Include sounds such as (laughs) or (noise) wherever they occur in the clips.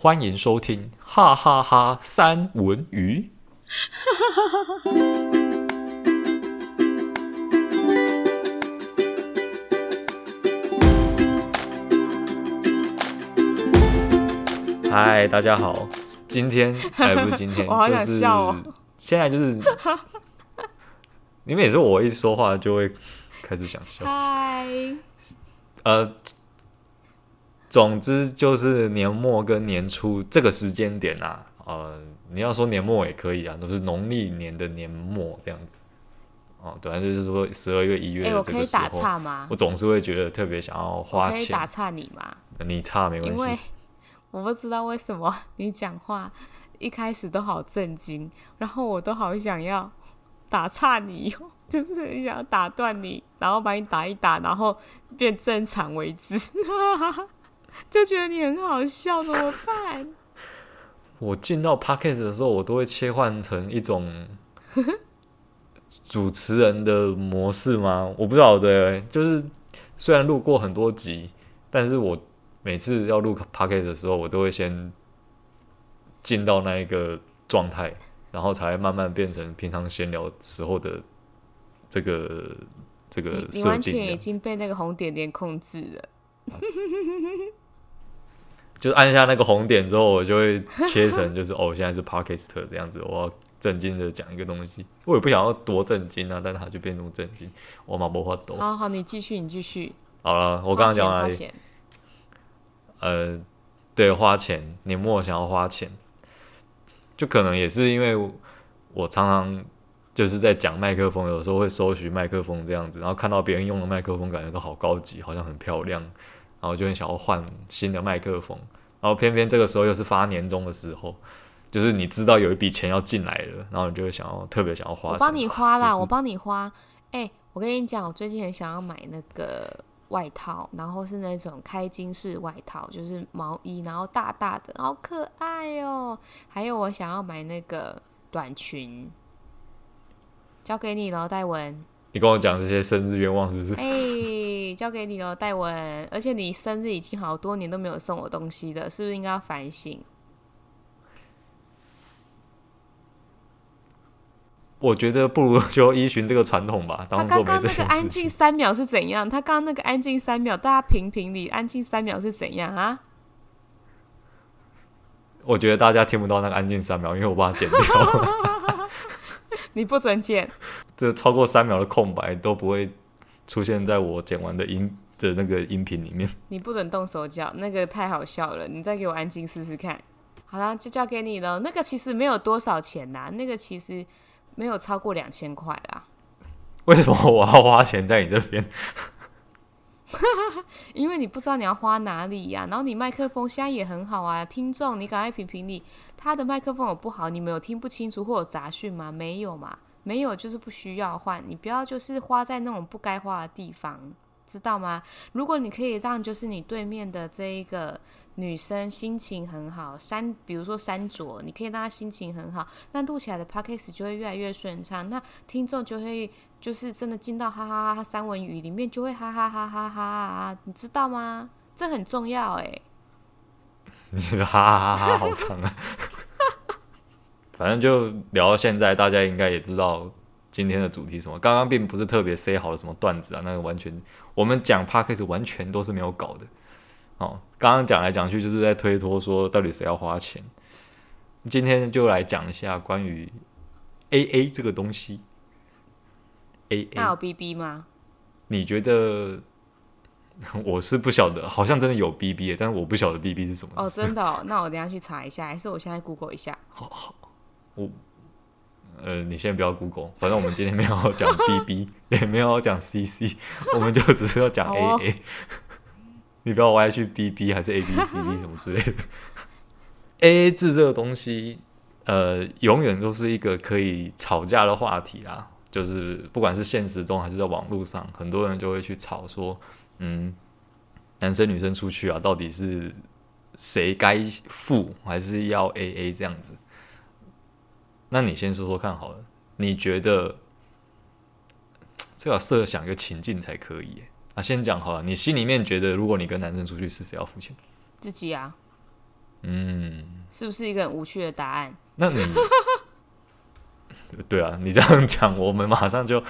歡迎收聽哈哈哈，哈三文魚。哈哈哈哈哈哈。嗨，大家好，今天還、呃、不是今天， (laughs) 我想哦、就是現在就是，因為也是我一說話就會開始想笑。嗨 Hi，呃。總之就是年末跟年初這個時間點啊呃，你要說年末也可以啊，都是農曆年的年末這樣子。哦，對啊，就是說十二月、一月的這個時候。哎，我可以打岔嗎？我總是會覺得特別想要花錢。可以打岔你嗎？呃、你岔沒問題。因為我不知道為什麼你講話一開始都好震驚，然後我都好想要打岔你，就是想要打斷你，然後把你打一打，然後變正常為止。 (laughs) 就覺得你很好笑，怎麼辦？ (laughs) 我進到 Podcast 的時候，我都會切換成一種主持人的模式嗎？我不知道，對，就是雖然錄過很多集，但是我每次要錄 Podcast 的時候，我都會先進到那一個狀態，然後才會慢慢變成平常閒聊時候的這個這個這設定這樣子。你你完全已經被那個紅點點控制了。 (laughs) 就是按下那個紅點之後，我就會切成就是 (laughs) 哦，現在是 Podcast 這樣子。我要震驚的講一個東西，我也不想要多震驚啊，但是他就變那麼震驚。我媽不花多。好好，你繼續，你繼續。好了，我剛剛講了，呃，對，花錢，年末想要花錢，就可能也是因為我常常就是在講麥克風，有時候會搜尋麥克風這樣子，然後看到別人用的麥克風，感覺都好高級，好像很漂亮。然後就很想要換新的麥克風，然後偏偏這個時候又是發年終的時候，就是你知道有一筆錢要進來了，然後你就會想要特別想要花。我幫你花啦，就是、我幫你花。哎、欸，我跟你講，我最近很想要買那個外套，然後是那種開襟式外套，就是毛衣，然後大大的，好可愛哦。還有我想要買那個短裙，交給你咯，戴文你跟我講這些生日願望是不是？哎、欸，交給你嘍，戴文。而且你生日已經好多年都沒有送我東西的，是不是應該要反省？我覺得不如就依循這個傳統吧。剛剛那個安靜三秒是怎樣？他剛剛那個安靜三秒，大家評評理，安靜三秒是怎樣啊？哈，我覺得大家聽不到那個安靜三秒，因為我把它剪掉了。 (laughs) 你不准剪，這超過三秒的空白都不會出現在我剪完的音的那個音頻裡面。你不准動手腳，那個太好笑了。你再給我安靜試試看。好了，就交給你了。那個其實沒有多少錢呐、啊，那個其實沒有超過兩千塊啊。為什麼我要花錢在你這邊？ (laughs) 因為你不知道你要花哪裡呀、啊。然後你麥克風現在也很好啊，聽眾，你趕快評評理。他的麥克風有不好，你們有聽不清楚或有雜訊嗎？沒有嘛，沒有就是不需要換。你不要就是花在那種不該花的地方，知道嗎？如果你可以讓就是你對面的這一個女生心情很好，山比如說山卓，你可以讓她心情很好，那錄起來的 podcast 就會越來越順暢，那聽眾就會就是真的進到哈哈哈哈三文魚裡面，就會哈哈哈哈哈哈，你知道嗎？這很重要哎、欸。你哈，哈哈哈，好長啊！反正就聊到現在，大家應該也知道今天的主題什麼。剛剛並不是特別塞好了什麼段子啊，那個完全我們講 podcast 完全都是沒有搞的。哦，剛剛講來講去就是在推脫說，到底誰要花錢？今天就來講一下關於 AA 這個東西。AA BB 嗎？你覺得？ (laughs) 我是不曉得，好像真的有 B B，但是我不曉得 B B 是什麼哦。真的、哦，那我等一下去查一下，還是我現在 Google 一下好？好，我呃，你先不要 Google，反正我們今天沒有講 B B，也沒有講 C C，我們就只是要講 A A。哦、 (laughs) 你不要歪去 B B，還是 A B C C 什麼之類的。 (laughs) A A 制這個東西，呃，永遠都是一個可以吵架的話題啊。就是不管是現實中還是在網絡上，很多人就會去吵說。嗯，男生女生出去啊，到底是誰該付，還是要 AA 這樣子？那你先說說看好了，你覺得最好設想一個情境才可以、欸、啊。先講好了，你心裡面覺得，如果你跟男生出去，是誰要付錢？自己啊。嗯。是不是一個很無趣的答案？那你， (laughs) 對啊，你這樣講，我們馬上就。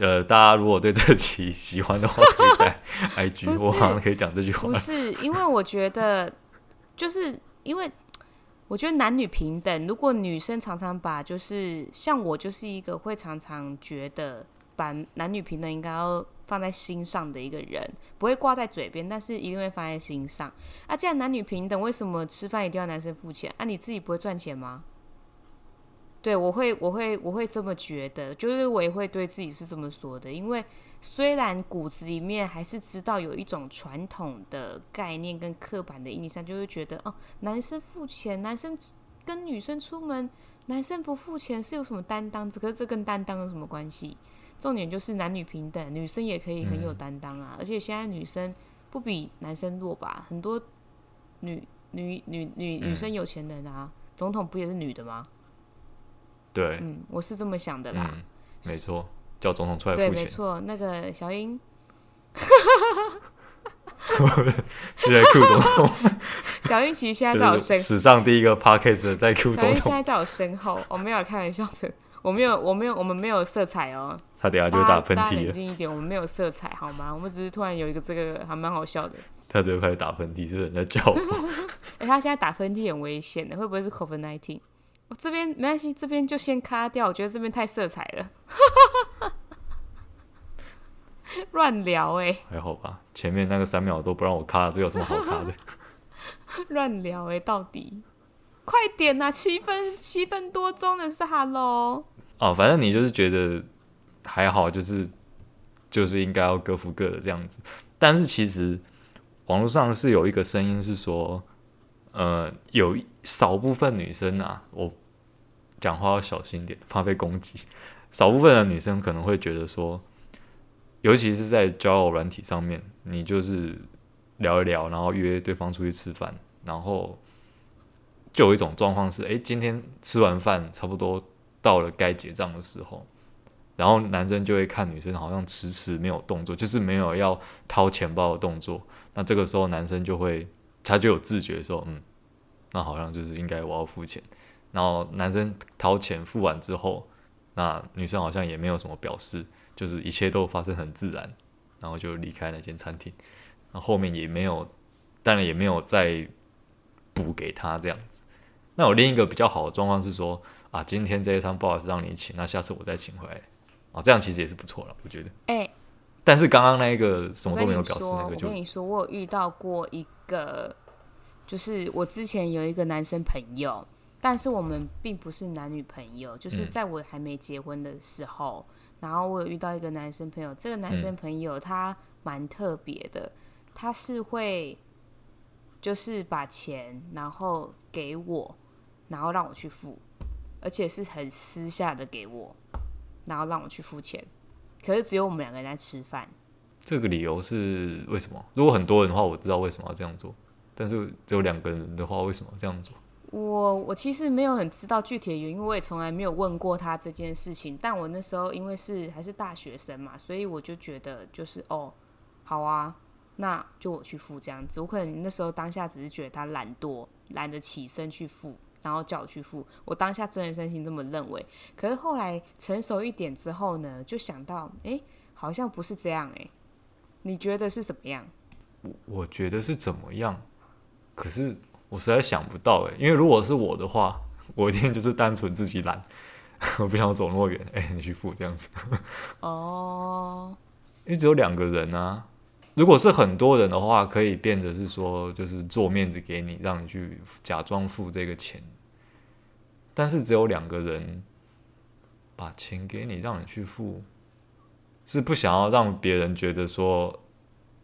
呃，大家如果對這期喜歡的話，可以在 I G (laughs) 是我好像可以講這句話。不是 (laughs) 因為我覺得，就是因為我覺得男女平等。如果女生常常把就是像我就是一個會常常覺得把男女平等應該要放在心上的一個人，不會掛在嘴邊，但是一定會放在心上。啊，既然男女平等，為什麼吃飯一定要男生付錢？啊，你自己不會賺錢嗎？對，我會，我會，我會這麼覺得，就是我也會對自己是這麼說的。因為雖然骨子裡面還是知道有一種傳統的概念跟刻板的印象，就會覺得哦，男生付錢，男生跟女生出門，男生不付錢是有什麼擔當？這可是這跟擔當有什麼關係？重點就是男女平等，女生也可以很有擔當啊。嗯、而且現在女生不比男生弱吧？很多女女女女女生有錢人啊，嗯、總統不也是女的嗎？對，嗯，我是這麼想的啦。嗯、沒錯，叫總統出來付錢。對，沒錯，那個小英，哈哈哈哈哈，在 Q 總統。小英其實現在在我身後，史上第一個 Podcast 在 Q 總統。現在在我身後，我沒有開玩笑的，我沒有，我沒有，我沒有，我沒有色彩哦、喔。他等下就會打噴嚏。大家冷靜一點，我們沒有色彩，好嗎？我們只是突然有一個這個，還蠻好笑的。他等下開始打噴嚏，是不是在叫我？哎、 (laughs) 欸，他現在打噴嚏很危險的，會不會是 COVID-19 我這邊沒關係，這邊就先卡掉。我覺得這邊太色彩了，亂 (laughs) 聊哎、欸。還好吧，前面那個三秒都不讓我卡，這有什麼好卡的？亂 (laughs) 聊哎、欸，到底 (laughs) 快點吶、啊！七分七分多鐘的是哈嘍。哦，反正你就是覺得還好、就是，就是就是應該要各付各的這樣子。但是其實網絡上是有一個聲音是說。呃，有少部分女生啊，我講話要小心點，怕被攻擊。少部分的女生可能會覺得說，尤其是在交友軟體上面，你就是聊一聊，然後約對方出去吃飯，然後就有一種狀況是，哎、欸，今天吃完飯差不多到了該結賬的時候，然後男生就會看女生好像遲遲沒有動作，就是沒有要掏錢包的動作，那這個時候男生就會他就有自覺說，嗯。那好像就是應該我要付錢，然後男生掏錢付完之後，那女生好像也沒有什麼表示，就是一切都發生很自然，然後就離開那間餐廳，然後後面也沒有，當然也沒有再補給他這樣子。那我另一個比較好的狀況是說，啊，今天這一餐不好意思讓你請，那下次我再請回來，哦、啊。這樣其實也是不錯了，我覺得。哎、欸，但是剛剛那一個什麼都沒有表示那個就我，我跟你說，我有遇到過一個。就是我之前有一個男生朋友，但是我們並不是男女朋友。就是在我還沒結婚的時候，嗯，然後我有遇到一個男生朋友。這個男生朋友他蠻特別的，嗯，他是會就是把錢然後給我，然後讓我去付，而且是很私下的給我，然後讓我去付錢。可是只有我們兩個人在吃飯。這個理由是為什麼？如果很多人的話，我知道為什麼要這樣做。但是只有兩個人的話，為什麼這樣做？我我其實沒有很知道具體的原因，我也從來沒有問過他這件事情。但我那時候因為是還是大學生嘛，所以我就覺得就是哦，好啊，那就我去付這樣子。我可能那時候當下只是覺得他懶惰，懶得起身去付，然後叫我去付。我當下真的真心這麼認為。可是後來成熟一點之後呢，就想到哎，好像不是這樣哎。你覺得是怎麼樣？我我覺得是怎麼樣？可是我實在想不到誒、欸，因為如果是我的話，我一定就是單純自己懶， (laughs) 我不想走那麼遠。哎、欸，你去付這樣子。哦 (laughs) ，oh. 因為只有兩個人啊。如果是很多人的話，可以變成是說，就是做面子給你，讓你去假裝付這個錢。但是只有兩個人，把錢給你，讓你去付，是不想要讓別人覺得說，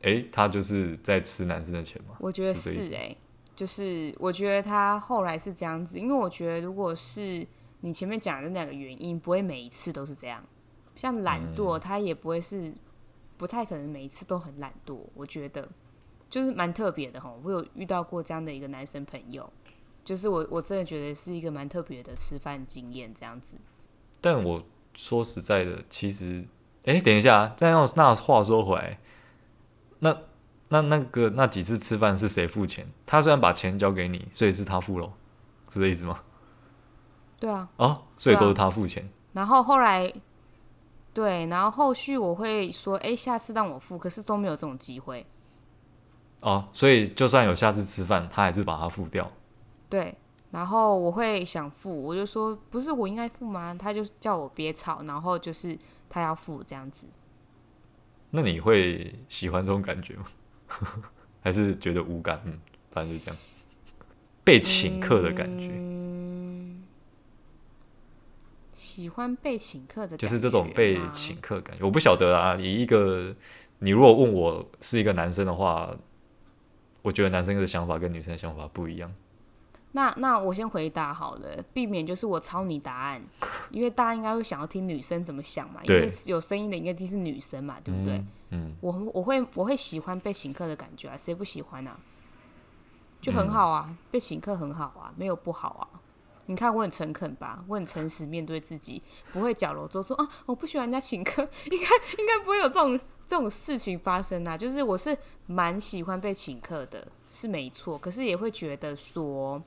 哎、欸，他就是在吃男生的錢嗎？我覺得是哎、欸。就是我覺得他後來是這樣子，因為我覺得如果是你前面講的那兩個原因，不會每一次都是這樣。像懶惰，他也不會是不太可能每一次都很懶惰。嗯、我覺得就是蠻特別的吼，我有遇到過這樣的一個男生朋友，就是我我真的覺得是一個蠻特別的吃飯經驗這樣子。但我說實在的，其實，哎、欸，等一下啊，再用那話說回來，那。那那個那幾次吃飯是誰付錢？他雖然把錢交給你，所以是他付咯。是這意思嗎？對啊。哦、啊，所以都是他付錢、啊。然後後來，對，然後後續我會說，哎、欸，下次讓我付，可是都沒有這種機會。哦、啊。所以就算有下次吃飯，他還是把它付掉。對，然後我會想付，我就說，不是我應該付嗎？他就叫我別吵，然後就是他要付這樣子。那你會喜歡這種感覺嗎？ (laughs) 還是覺得無感，嗯，反正就這樣，被請客的感覺。嗯、喜歡被請客的感覺，就是這種被請客感覺。嗯、我不曉得啊，以一個你如果問我是一個男生的話，我覺得男生的想法跟女生的想法不一樣。那那我先回答好了，避免就是我抄你答案，因為大家應該會想要聽女生怎麼想嘛，對因為有聲音的應該聽是女生嘛，對不對？嗯，嗯我我會我會喜歡被請客的感覺啊，誰不喜歡啊？就很好啊，嗯、被請客很好啊，沒有不好啊。你看我很誠懇吧，我很誠實面對自己，不會矯揉造作啊，我不喜歡人家請客，應該應該不會有這種這種事情發生啊。就是我是蠻喜歡被請客的，是沒錯，可是也會覺得說，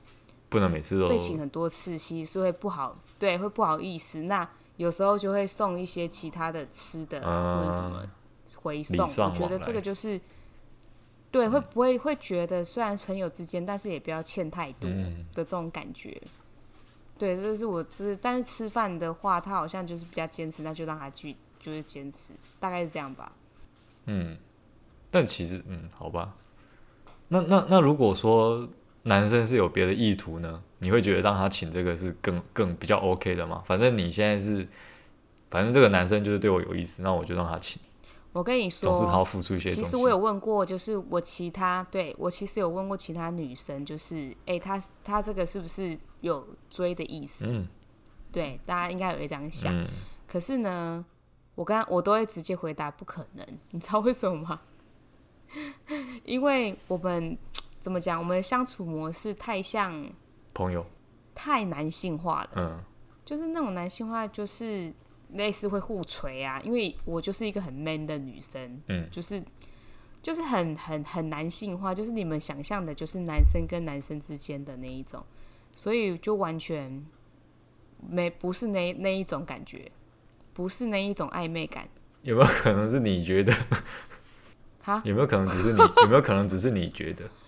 不能每次都被請很多次，其實是會不好，對，會不好意思。那有時候就會送一些其他的吃的、啊、或者什麼回送。我覺得這個就是對，嗯、會不會會覺得雖然朋友之間，但是也不要欠太多的這種感覺。嗯、對，這是我是，但是吃飯的話，他好像就是比較堅持，那就讓他去，就是堅持，大概是這樣吧。嗯，但其實嗯，好吧。那那那如果說。男生是有別的意圖呢？你會覺得讓他請這個是更更比較 OK 的嗎？反正你現在是，反正這個男生就是對我有意思，那我就讓他請。我跟你說，總是他要付出一些。其實我有問過，就是我其他對我其實有問過其他女生，就是哎、欸，他他這個是不是有追的意思？嗯、對，大家應該有這樣想。嗯、可是呢，我剛我都會直接回答不可能，你知道為什麼嗎？ (laughs) 因為我們。怎麼講？我們相處模式太像朋友，太男性化了，嗯，就是那種男性化，就是類似會互錘啊。因為我就是一個很 man 的女生，嗯，就是，就是就是很很很男性化，就是你們想象的，就是男生跟男生之間的那一種，所以就完全沒不是那那一種感覺，不是那一種曖昧感。有沒有可能是你覺得？哈有沒有可能只是你？有沒有可能只是你覺得？ (laughs)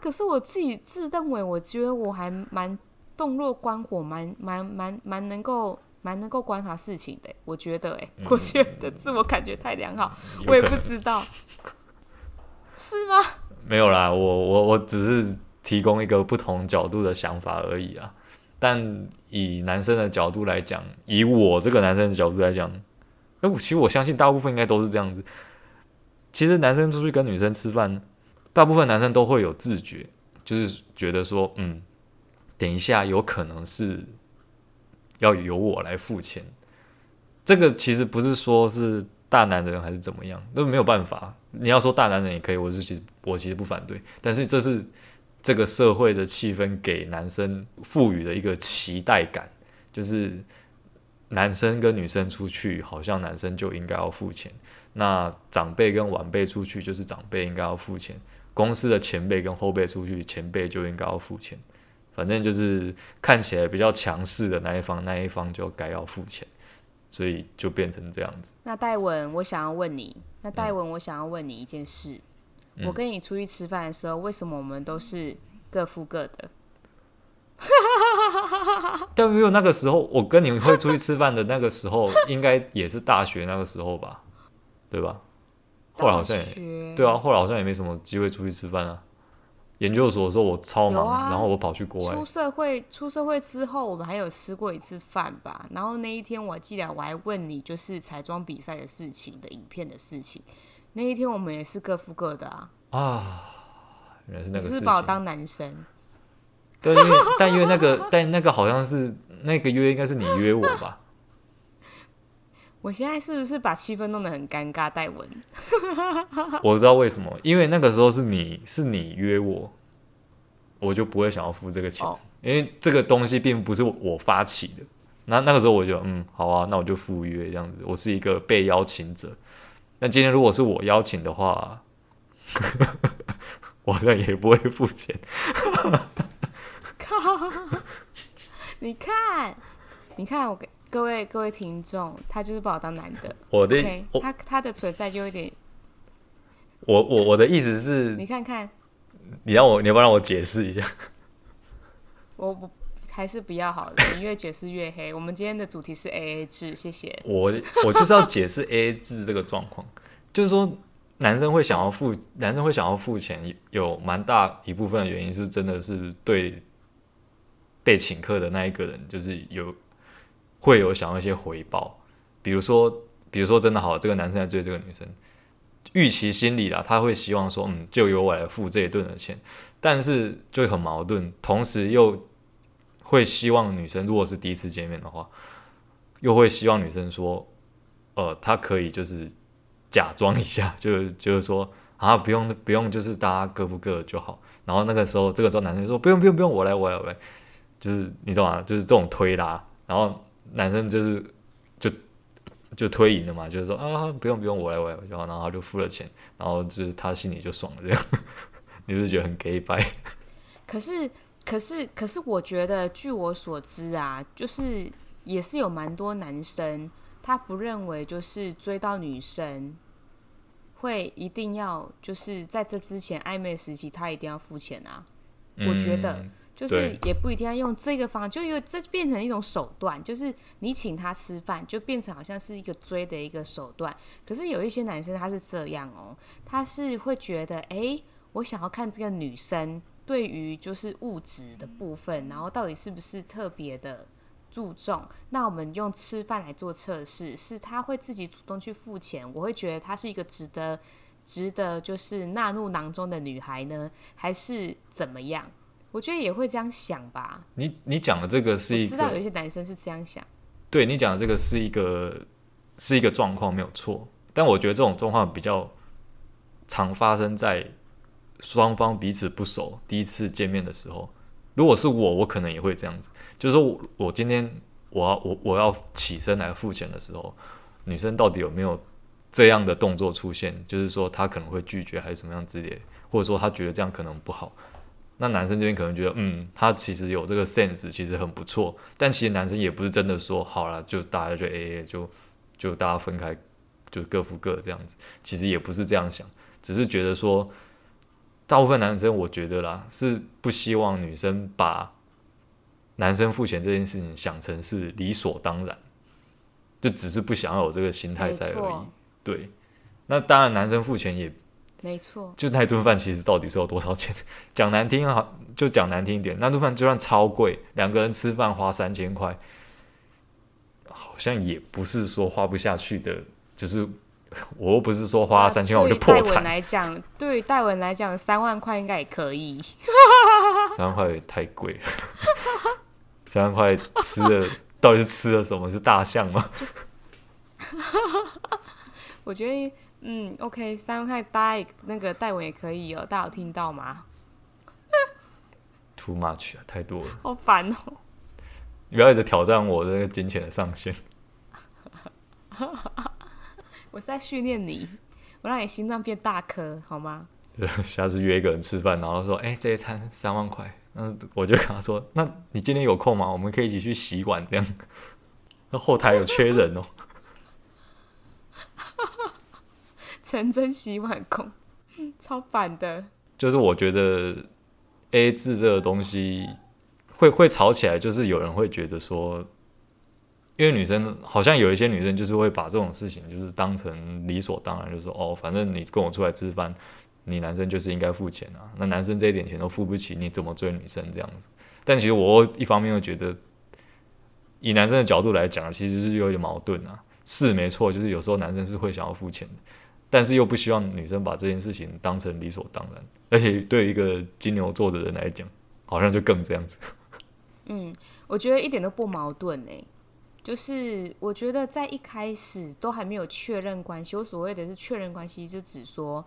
可是我自己自認為、欸，我覺得我還蠻洞若觀火，蠻蠻蠻蠻能夠蠻能夠觀察事情的、欸。我覺得、欸，哎、嗯，我覺得自我感覺太良好，我也不知道， (laughs) 是嗎？沒有啦，我我我只是提供一個不同角度的想法而已啊。但以男生的角度來講，以我這個男生的角度來講，那其實我相信大部分應該都是這樣子。其實男生出去跟女生吃飯。大部分男生都會有自覺，就是覺得說，嗯，等一下有可能是要由我來付錢。這個其實不是說是大男人還是怎麼樣，都沒有辦法。你要說大男人也可以，我是其實我其實不反對。但是這是這個社會的氣氛給男生賦予的一個期待感，就是男生跟女生出去，好像男生就應該要付錢；那長輩跟晚輩出去，就是長輩應該要付錢。公司的前輩跟後輩出去，前輩就應該要付錢。反正就是看起來比較強勢的那一方，那一方就該要付錢，所以就變成這樣子。那戴文，我想要問你，那戴文，嗯、我想要問你一件事：嗯、我跟你出去吃飯的時候，為什麼我們都是各付各的？ (laughs) 但沒有那個時候，我跟你會出去吃飯的那個時候， (laughs) 應該也是大學那個時候吧？對吧？後來好像也對啊，後來好像也沒什麼機會出去吃飯啊。研究所的，的時候我超忙，啊、然後我跑去國外。出社會出社會之後，我們還有吃過一次飯吧？然後那一天我記得我還問你，就是彩妝比賽的事情的影片的事情。那一天我們也是各付各的啊。啊，原來是那個事情。你是把我當男生？對，但因為但約那個， (laughs) 但那個好像是那個約，應該是你約我吧。我現在是不是把氣氛弄得很尷尬？戴文， (laughs) 我知道為什麼，因為那個時候是你是你約我，我就不會想要付這個錢，oh. 因為這個東西並不是我發起的。那那個時候我就嗯，好啊，那我就赴約這樣子。我是一個被邀請者。那今天如果是我邀請的話， (laughs) 我好像也不會付錢。 (laughs) (laughs) 靠！你看，你看，我給。各位各位聽眾，他就是把我當男的。我的 okay, 我他他的存在就有點。我我我的意思是， (laughs) 你看看，你讓我，你要不要讓我解釋一下？我我還是比較好的，你越解釋越黑。 (laughs) 我們今天的主題是 AA 制，謝謝。我我就是要解釋 AA 制這個狀況， (laughs) 就是說男生會想要付，男生會想要付錢，有蠻大一部分的原因是不是真的是對被請客的那一個人就是有。會有想要一些回報，比如說，比如說，真的好，這個男生在追這個女生，預期心理啦，他會希望說，嗯，就由我來付這一頓的錢，但是就很矛盾，同時又會希望女生，如果是第一次見面的話，又會希望女生說，呃，他可以就是假裝一下，就是就是說啊，不用不用，就是大家各付各的就好。然後那個時候，這個時候男生說，不用不用不用，我來我來我來，就是你知道嗎？就是這種推拉，然後。男生就是就就推贏了嘛，就是說啊，不用不用，我來我來我來就好，然後就付了錢，然後就是他心裡就爽了這樣。 (laughs) 你是不是覺得很 gay 掰？可是可是可是，我覺得據我所知啊，就是也是有蠻多男生，他不認為就是追到女生會一定要就是在這之前曖昧時期，他一定要付錢啊。嗯、我覺得。就是也不一定要用這個方法，就因為這變成一種手段，就是你請他吃飯，就變成好像是一個追的一個手段。可是有一些男生他是這樣哦、喔，他是會覺得，哎、欸，我想要看這個女生對於就是物質的部分，然後到底是不是特別的注重。那我們用吃飯來做測試，是他會自己主動去付錢，我會覺得他是一個值得值得就是納入囊中的女孩呢，還是怎麼樣？我覺得也會這樣想吧。你你講的這個是一個，知道有一些男生是這樣想。對你講的這個是一個是一個狀況沒有錯，但我覺得這種狀況比較常發生在雙方彼此不熟、第一次見面的時候。如果是我，我可能也會這樣子，就是說我，我今天我要我我要起身來付錢的時候，女生到底有沒有這樣的動作出現？就是說她可能會拒絕還是什麼樣之類的，或者說她覺得這樣可能不好。那男生這邊可能覺得，嗯，他其實有這個 sense，其實很不錯。但其實男生也不是真的說好了，就大家就 AA、欸欸，就就大家分開，就各付各這樣子。其實也不是這樣想，只是覺得說，大部分男生我覺得啦，是不希望女生把男生付錢這件事情想成是理所當然，就只是不想有這個心態在而已。沒錯。對，那當然男生付錢也。沒錯，就那頓飯其實到底是有多少錢？講難聽啊，就講難聽一點，那頓飯就算超貴，兩個人吃飯花三千塊，好像也不是說花不下去的。就是我又不是說花三千塊我就破產。來講，對戴文來講，三萬塊應該也可以。三萬塊也太貴了。三萬塊吃的到底是吃了什麼？是大象嗎？我覺得。嗯，OK，三萬塊帶那個帶文也可以哦，大家有聽到嗎 (laughs) ？Too much 啊，太多了，好煩哦！你不要一直挑戰我的金錢的上限。 (laughs) 我是在訓練你，我讓你心臟變大顆，好嗎？ (laughs) 下次約一個人吃飯，然後說：“哎、欸，這一餐三萬塊。”嗯，我就跟他說：“那你今天有空嗎？我們可以一起去洗碗，這樣。 (laughs) ”那後台有缺人哦。 (laughs) 陳真洗碗工、嗯，超煩的。就是我覺得 A 制這個東西會會吵起來，就是有人會覺得說，因為女生好像有一些女生就是會把這種事情就是當成理所當然，就是說哦，反正你跟我出來吃飯，你男生就是應該付錢啊。那男生這一點錢都付不起，你怎麼追女生這樣子？但其實我一方面又覺得，以男生的角度來講，其實是有點矛盾啊。是沒錯，就是有時候男生是會想要付錢的。但是又不希望女生把這件事情當成理所當然，而且對一個金牛座的人來講，好像就更這樣子。嗯，我覺得一點都不矛盾呢、欸。就是我覺得在一開始都還沒有確認關係，我所謂的是確認關係，就只說，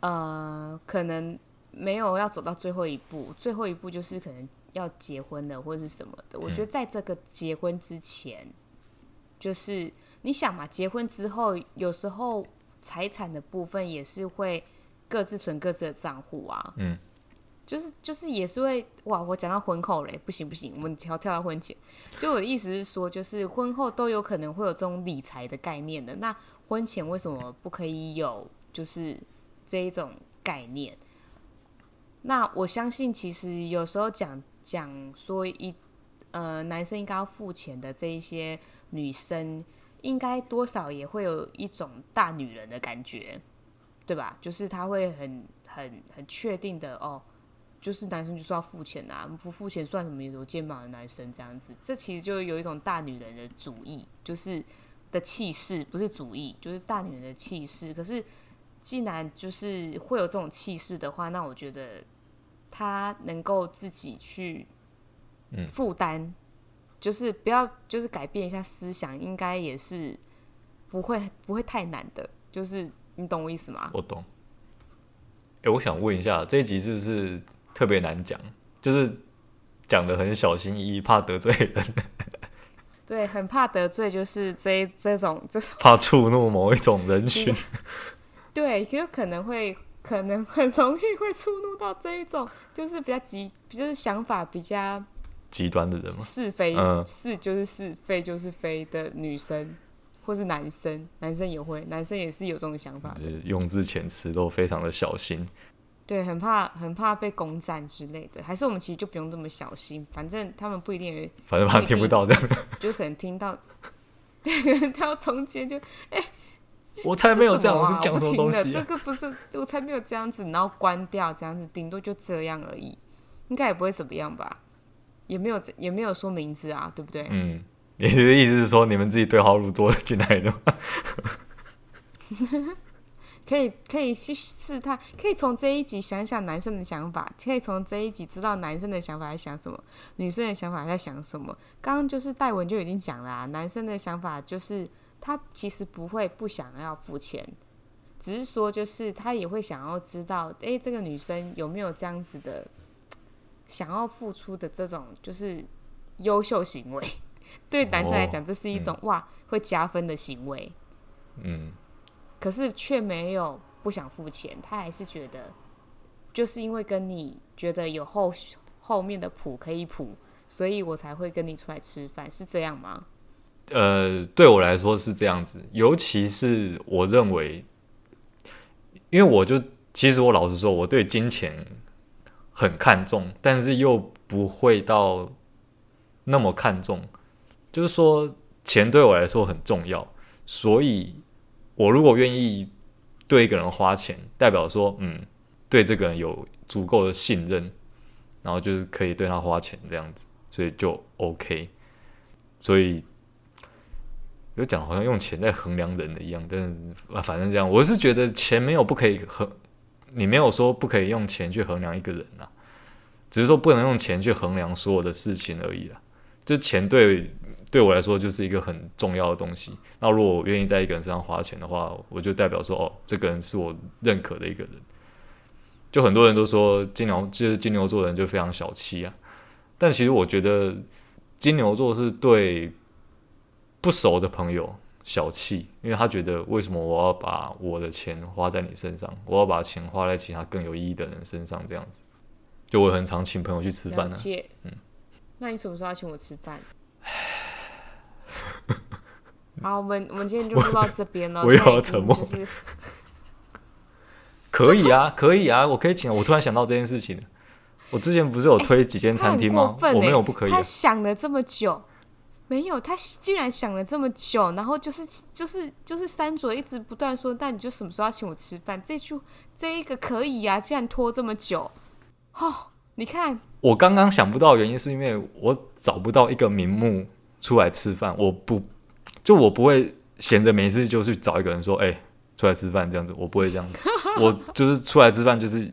呃，可能沒有要走到最後一步，最後一步就是可能要結婚了或者是什麼的。嗯，我覺得在這個結婚之前，就是你想嘛，結婚之後有時候。財產的部分也是會各自存各自的賬戶啊，嗯，就是就是也是會哇，我講到婚後嘞，不行不行，我們跳跳到婚前，就我的意思是說，就是婚後都有可能會有這種理財的概念的，那婚前為什麼不可以有就是這一種概念？那我相信其實有時候講講說一呃，男生應該要付錢的這一些女生，應該多少也會有一種大女人的感覺，對吧？就是他會很很很確定的哦，就是男生就是要付錢啊，不付錢算什麼有肩膀的男生這樣子，這其實就有一種大女人的主義，就是的氣勢，不是主義，就是大女人的氣勢。可是既然就是會有這種氣勢的話，那我覺得他能夠自己去負擔。嗯就是不要，就是改變一下思想，應該也是不會不會太難的。就是你懂我意思嗎？我懂。哎、欸，我想問一下，這一集是不是特別難講？就是講得很小心翼翼，怕得罪人。 (laughs) 對，很怕得罪，就是這這種這種，這種怕觸怒某一種人群。 (laughs) (laughs) 對，有可能會，可能很容易會觸怒到這一種，就是比較急，就是想法比較。極端的人嗎？是非，嗯、是就是是非就是非的女生，或是男生，男生也會，男生也是有這種想法，就是用字遣詞都非常的小心，對，很怕很怕被攻占之類的，還是我們其實就不用這麼小心，反正他們不一定也會，反正他們聽不到的，就可能聽到，他要從前就哎，欸、我才沒有這樣講什麼東西，這個不是，我才沒有這樣子，然後關掉這樣子，頂多就這樣而已，應該也不會怎麼樣吧。也沒有也沒有說名字啊，對不對？嗯，你的意思是說你們自己對號入座的進來的嗎？可以可以去試探，可以從這一集想一想男生的想法，可以從這一集知道男生的想法在想什麼，女生的想法在想什麼。剛剛就是戴文就已經講了啊，男生的想法就是他其實不會不想要付錢，只是說就是他也會想要知道，哎，這個女生有沒有這樣子的。想要付出的這種就是優秀行為，對男生來講，這是一種哇、哦嗯、會加分的行為。嗯，可是卻沒有不想付錢，他還是覺得就是因為跟你覺得有後後面的譜可以譜，所以我才會跟你出來吃飯，是這樣嗎？呃，對我來說是這樣子，尤其是我認為，因為我就其實我老實說，我對金錢。很看重，但是又不會到那麼看重。就是說，錢對我來說很重要，所以我如果願意對一個人花錢，代表說，嗯，對這個人有足夠的信任，然後就是可以對他花錢這樣子，所以就 OK。所以就講好像用錢在衡量人的一樣，但是反正這樣，我是覺得錢沒有不可以衡。你沒有說不可以用錢去衡量一個人吶、啊，只是說不能用錢去衡量所有的事情而已了、啊。這錢對對我來說就是一個很重要的東西。那如果我願意在一個人身上花錢的話，我就代表說哦，這個人是我認可的一個人。就很多人都說金牛就是金牛座的人就非常小氣啊，但其實我覺得金牛座是對不熟的朋友。小氣，因為他覺得為什麼我要把我的錢花在你身上？我要把錢花在其他更有意義的人身上，這樣子，就我很常請朋友去吃飯呢、啊。了解嗯，那你什麼時候要請我吃飯？ (laughs) 好，我們我們今天就錄到這邊了。我要沉默。就是、 (laughs) 可以啊，可以啊，我可以請。 (laughs) 我突然想到這件事情，我之前不是有推幾間餐廳嗎？欸欸、我沒有不可以、啊。我想了這麼久。沒有，他竟然想了這麼久，然後就是就是就是三卓一直不斷說，但你就什麼時候要請我吃飯？這就這一個可以啊，竟然拖這麼久，好，哦，你看，我剛剛想不到的原因是因為我找不到一個名目出來吃飯，我不就我不會閒着沒事就去找一個人說，哎，欸，出來吃飯這樣子，我不會這樣子， (laughs) 我就是出來吃飯就是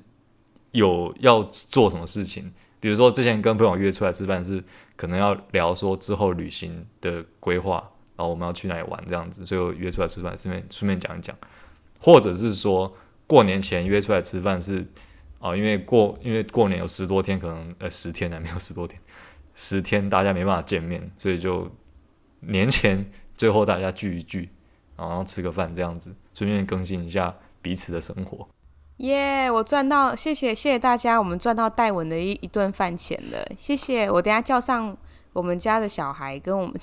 有要做什麼事情。比如說，之前跟朋友約出來吃飯是可能要聊說之後旅行的規劃，然後我們要去哪裡玩這樣子，所以我約出來吃飯順便順便講一講，或者是說過年前約出來吃飯是啊、呃，因為過因為過年有十多天，可能呃十天還沒有十多天，十天大家沒辦法見面，所以就年前最後大家聚一聚，然後吃個飯這樣子，順便更新一下彼此的生活。耶！Yeah, 我賺到，謝謝謝謝大家，我們賺到戴文的一一頓飯錢了，謝謝。我等一下叫上我們家的小孩跟我們。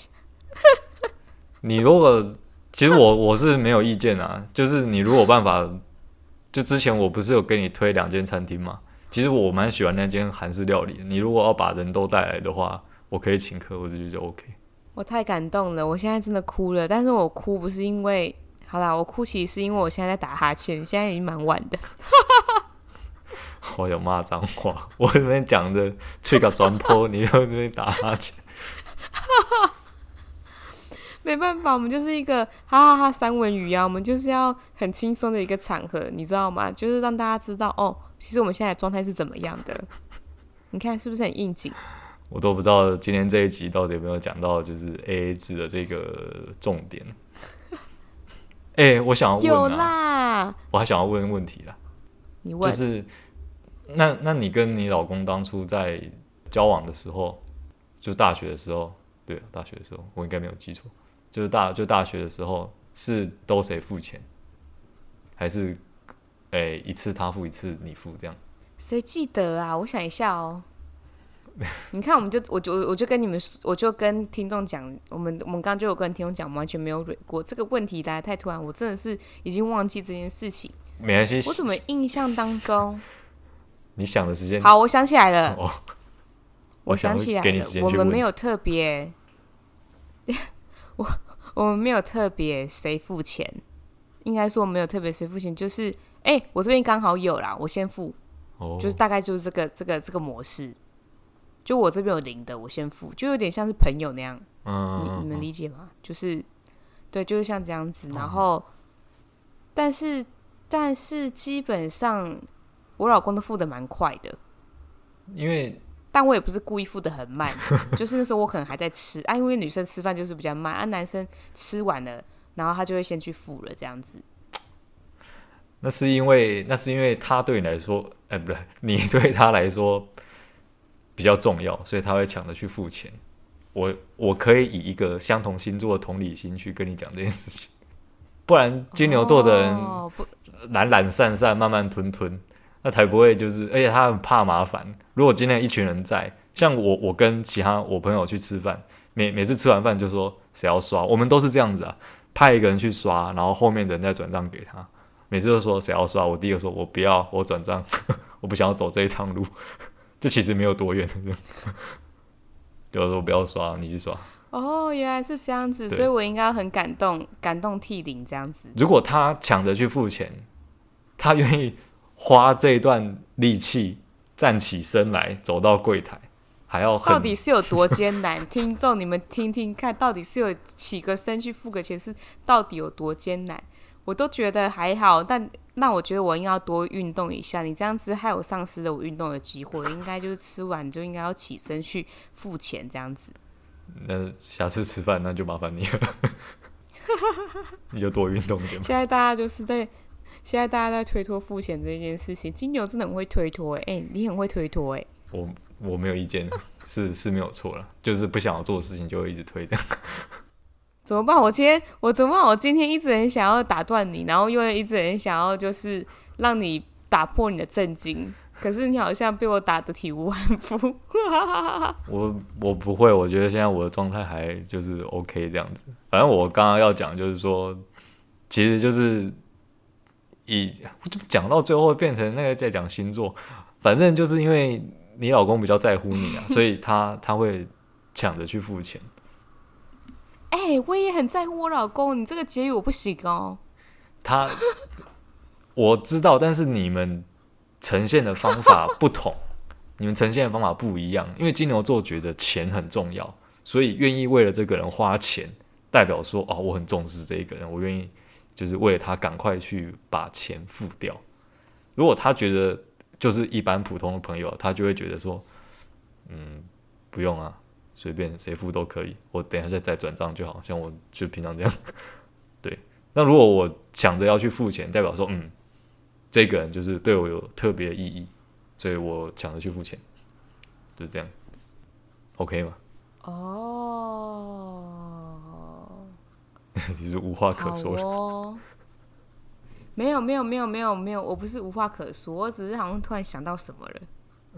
你如果，其實我我是沒有意見啊， (laughs) 就是你如果辦法，就之前我不是有跟你推兩間餐廳嗎？其實我蠻喜歡那間韓式料理，你如果要把人都帶來的話，我可以請客，我就覺得就 OK。我太感動了，我現在真的哭了，但是我哭不是因為。好啦，我哭泣是因為我現在在打哈欠，現在已經蠻晚的。 (laughs) 我有罵髒話，我這邊講的喙角全波， (laughs) 你又在那邊打哈欠。哈哈，沒辦法，我們就是一個哈哈哈、哈三文魚呀、啊，我們就是要很輕鬆的一個場合，你知道嗎？就是讓大家知道哦，其實我們現在的狀態是怎麼樣的。你看是不是很應景？我都不知道今天這一集到底有沒有講到，就是 AA 制的這個重點。哎，我想要問、啊、有啦，我還想要問問題啦。你問，就是那那，那你跟你老公當初在交往的時候，就大學的時候，對，大學的時候，我應該沒有記錯，就是大就大學的時候是都誰付錢，還是哎一次他付一次你付這樣？誰記得啊？我想一下哦。 (laughs) 你看，我們就我就我就跟你們，我就跟聽眾講，我們我們剛剛就有跟聽眾講，完全沒有蕊過這個問題，來得太突然，我真的是已經忘記這件事情。沒關係，我怎麼印象當中，你想的時間好，我想起來了，哦、我，想我想起來了，我們沒有特別，我 (laughs) 我們沒有特別誰付錢，應該說沒有特別誰付錢，就是哎、欸，我這邊剛好有啦，我先付，哦、就是大概就是這個這個這個模式。就我這邊有零的，我先付，就有點像是朋友那樣，嗯、你你們理解嗎？嗯、就是，對，就是像這樣子。然後，嗯、但是但是基本上，我老公都付得蠻快的，因為，但我也不是故意付得很慢， (laughs) 就是那時候我可能還在吃，哎、啊，因為女生吃飯就是比較慢，啊，男生吃完了，然後他就會先去付了這樣子。那是因為，那是因為他對你來說，哎、欸，不對，你對他來說。比較重要，所以他會搶着去付錢。我我可以以一個相同星座的同理心去跟你講這件事情，不然金牛座的人懶懶散散，慢慢吞吞，那才不會就是。而且他很怕麻煩。如果今天一群人在，像我，我跟其他我朋友去吃飯，每每次吃完飯就說，誰要刷？我們都是這樣子啊，派一個人去刷，然後後面的人再轉賬給他。每次都說，誰要刷？我第一個說，我不要，我轉賬， (laughs) 我不想要走這一趟路。就其實沒有多遠，有時候不要刷，你去刷。哦，原來是這樣子，對所以我應該很感動，感動涕零這樣子。如果他搶着去付錢，他願意花這一段力氣站起身來走到櫃檯，還要到底是有多艱難？ (laughs) 聽眾你們聽聽看，到底是有起個身去付個錢是到底有多艱難？我都覺得還好，但。那我覺得我應該要多運動一下，你這樣子害我喪失了我運動的機會。應該就是吃完就應該要起身去付錢這樣子。那下次吃飯那就麻煩你了， (laughs) 你就多運動一點，現在大家就是在，現在大家在推脫付錢這件事情。金牛真的很會推脫，哎、欸，你很會推脫，哎，我我沒有意見，是是沒有錯了，就是不想要做的事情就會一直推這樣怎麼辦？我今天我怎麼辦？我今天一直很想要打斷你，然後又一直很想要就是讓你打破你的震驚。可是你好像被我打得體無完膚。 (laughs) 我我不會，我覺得現在我的狀態還就是 OK 這樣子。反正我剛剛要講就是說，其實就是以就講到最後變成那個在講星座。反正就是因為你老公比較在乎你啊， (laughs) 所以他他會搶着去付錢。哎、欸，我也很在乎我老公，你這個結語我不行哦。他我知道，但是你們呈現的方法不同， (laughs) 你們呈現的方法不一樣。因為金牛座覺得錢很重要，所以願意為了這個人花錢，代表說哦，我很重視這一個人，我願意就是為了他趕快去把錢付掉。如果他覺得就是一般普通的朋友，他就會覺得說，嗯，不用啊。隨便誰付都可以，我等一下再再轉賬就好，像我就平常這樣。對，那如果我搶着要去付錢，代表說，嗯，這個人就是對我有特別的意義，所以我搶着去付錢，就是這樣。OK 嗎？哦，oh, (laughs) 你是無話可說哦？沒有沒有沒有沒有沒有，我不是無話可說，我只是好像突然想到什麼了。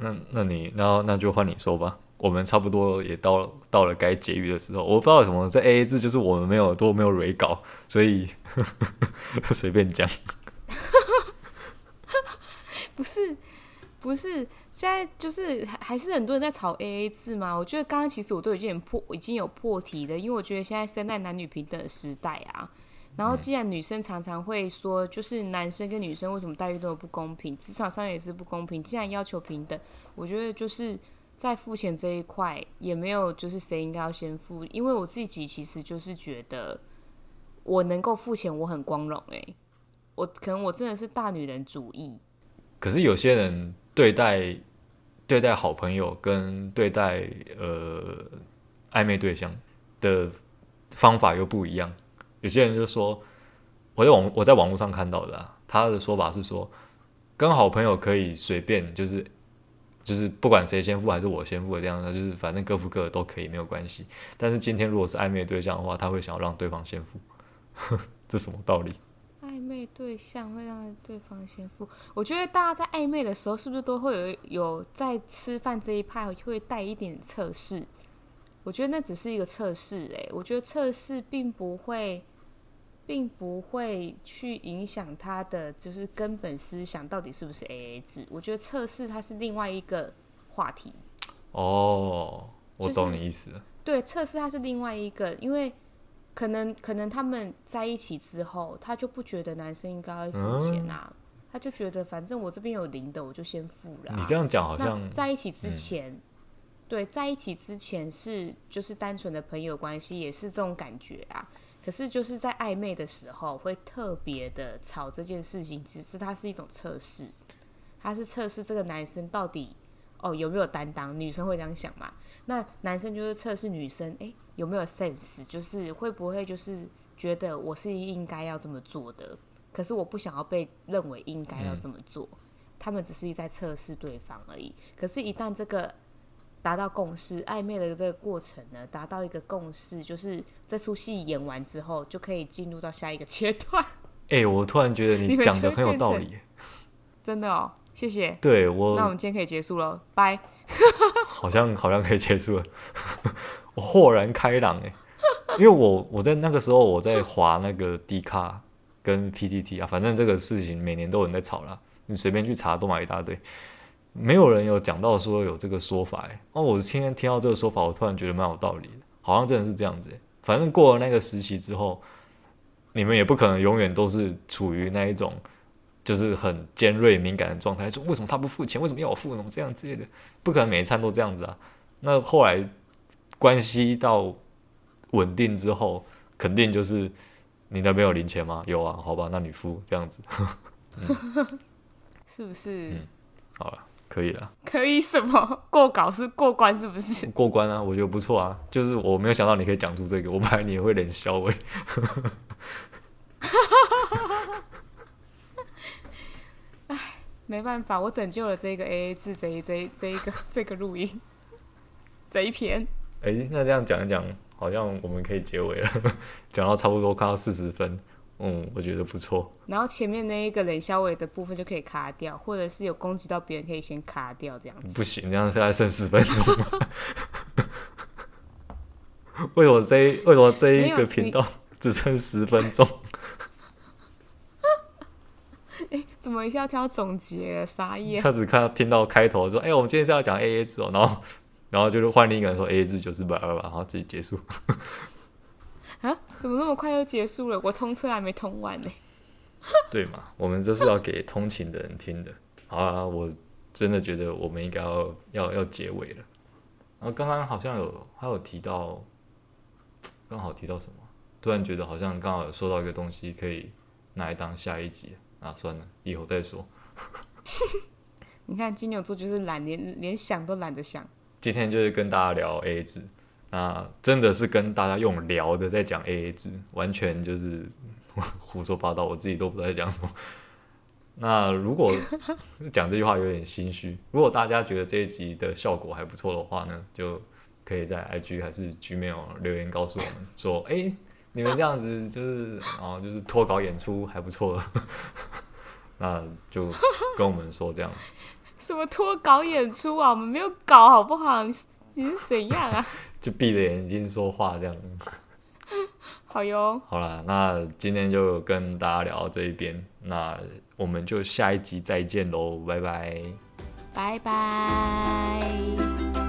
那那你那那就換你說吧。我們差不多也到到了該結語的時候，我不知道什麼在 AA 制，就是我們沒有多沒有蕊稿，所以隨 (laughs) 便講 講。 (laughs) 不是不是，現在就是還是很多人在吵 AA 制嘛？我覺得剛剛其實我都有點破，已經有破題了，因為我覺得現在身在男女平等的時代啊，然後既然女生常常會說，就是男生跟女生為什麼待遇都不公平，職場上也是不公平，既然要求平等，我覺得就是。在付錢這一塊也沒有，就是誰應該要先付？因為我自己其實就是覺得，我能夠付錢，我很光榮。誒，我可能我真的是大女人主義。可是有些人對待對待好朋友跟對待呃曖昧對象的方法又不一樣。有些人就說我在網我在網絡上看到的，他的說法是說，跟好朋友可以隨便就是。就是不管誰先付還是我先付這樣的，就是反正各付各的都可以，沒有關係。但是今天如果是曖昧對象的話，他會想要讓對方先付，這什麼道理？曖昧對象會讓對方先付？我覺得大家在曖昧的時候是不是都會有有在吃飯這一派會帶一點測試？我覺得那只是一個測試，欸，哎，我覺得測試並不會。並不會去影響他的，就是根本思想到底是不是 AA 制。我覺得測試它是另外一個話題。哦，我懂你意思，就是。對，測試他是另外一個，因為可能可能他們在一起之後，他就不覺得男生應該付錢啊，嗯、他就覺得反正我這邊有零的，我就先付了。你這樣講好像在一起之前，嗯、對，在一起之前是就是單純的朋友關係，也是這種感覺啊。可是就是在曖昧的時候會特別的吵這件事情，其實它是一種測試，它是測試這個男生到底哦有沒有擔當，女生會這樣想嘛？那男生就是測試女生，哎、欸、有沒有 sense，就是會不會就是覺得我是應該要這麼做的，可是我不想要被認為應該要這麼做，嗯、他們只是在測試對方而已。可是，一旦這個。達到共識，曖昧的這個過程呢，達到一個共識，就是這出戲演完之後，就可以進入到下一個階段。哎、欸，我突然覺得你講的很有道理，真的哦，謝謝。對我，那我們今天可以結束了，拜。 (laughs) 好像好像可以結束了， (laughs) 我豁然開朗哎，因為我我在那個時候我在滑那個 D 卡跟 P T T (laughs) 啊，反正這個事情每年都有人在吵啦，你隨便去查都買一大堆。沒有人有講到說有這個說法哎、欸，哦，我今天聽到這個說法，我突然覺得蠻有道理的，好像真的是這樣子、欸。反正過了那個時期之後，你們也不可能永遠都是處於那一種就是很尖銳敏感的狀態，說為什麼他不付錢，為什麼要我付，什麼這樣之類的，不可能每一餐都這樣子啊。那後來關係到穩定之後，肯定就是你那邊有零錢嗎？有啊，好吧，那你付這樣子， (laughs) 嗯、是不是？嗯，好了。可以了，可以什麼過稿是過關是不是？過關啊，我覺得不錯啊，就是我沒有想到你可以講出這個，我本來你也會臉笑喂、欸，哎， (laughs) (laughs) 沒辦法，我拯救了這個 A A 制這一這，一這一個這個錄音，這一篇。哎，那這樣講一講，好像我們可以結尾了，講 (laughs) 到差不多快要四十分。嗯，我覺得不錯。然後前面那一個冷消尾的部分就可以卡掉，或者是有攻擊到別人，可以先卡掉這樣子。不行，這樣才剩十分鐘。 (laughs) (laughs) 為什麼這為什麼這一個頻道只剩十分鐘、 (laughs) (laughs) 欸？怎麼一下要跳總結了？啥意思？他只看到聽到開頭說：“哎、欸，我們今天是要講 AA 制哦、喔。”然後，然後就是換另一個人說：“AA 制就是百二吧。”然後自己結束。 (laughs) 啊！怎麼那麼快就結束了？我通車還沒通完呢、欸。對嘛？我們這是要給通勤的人聽的 (laughs) 好啊！我真的覺得我們應該要要要結尾了。啊，剛剛好像有還有提到，剛好提到什麼？突然覺得好像剛好有說到一個東西，可以拿來當下一集。啊，算了，以後再說。 (laughs) (laughs) 你看金牛座就是懶連連想都懶得想。今天就是跟大家聊 AA 制。那、啊、真的是跟大家用聊的在講 A A 制，完全就是呵呵胡說八道，我自己都不知道在講什麼。那如果講這句話有點心虛，如果大家覺得這一集的效果還不錯的話呢，就可以在 I G 還是 Gmail 留言告訴我們說：“哎、 (laughs) 欸，你們這樣子就是哦、啊，就是脫稿演出還不錯， (laughs) 那就跟我們說這樣。”什麼脫稿演出啊？我們沒有搞好不好？你是怎樣啊？ (laughs) 就閉着眼睛說話這樣， (laughs) 好喲呦。好啦，那今天就跟大家聊到這一邊，那我們就下一集再見嘍，拜拜。拜拜。